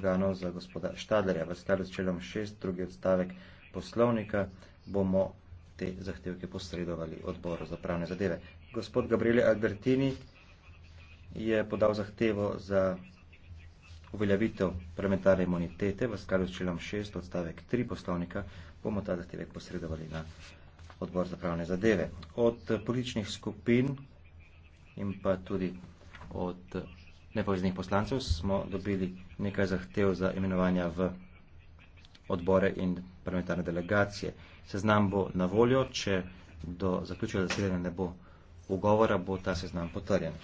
organo za gospoda Štadlerja. V skladu s čelom šest, drugi odstavek poslovnika, bomo te zahtevke posredovali odboru za pravne zadeve. Gospod Gabriele Albertini je podal zahtevo za uveljavitev parlamentarne imunitete v skladu s čelom šest, odstavek tri poslovnika, bomo ta zahtevek posredovali na odbor za pravne zadeve. Od političnih skupin in pa tudi od nepoviznih poslancev, smo dobili nekaj zahtev za imenovanja v odbore in parlamentarne delegacije. Seznam bo na voljo, če do zaključka zasedanja ne bo ugovora, bo ta seznam potrjen.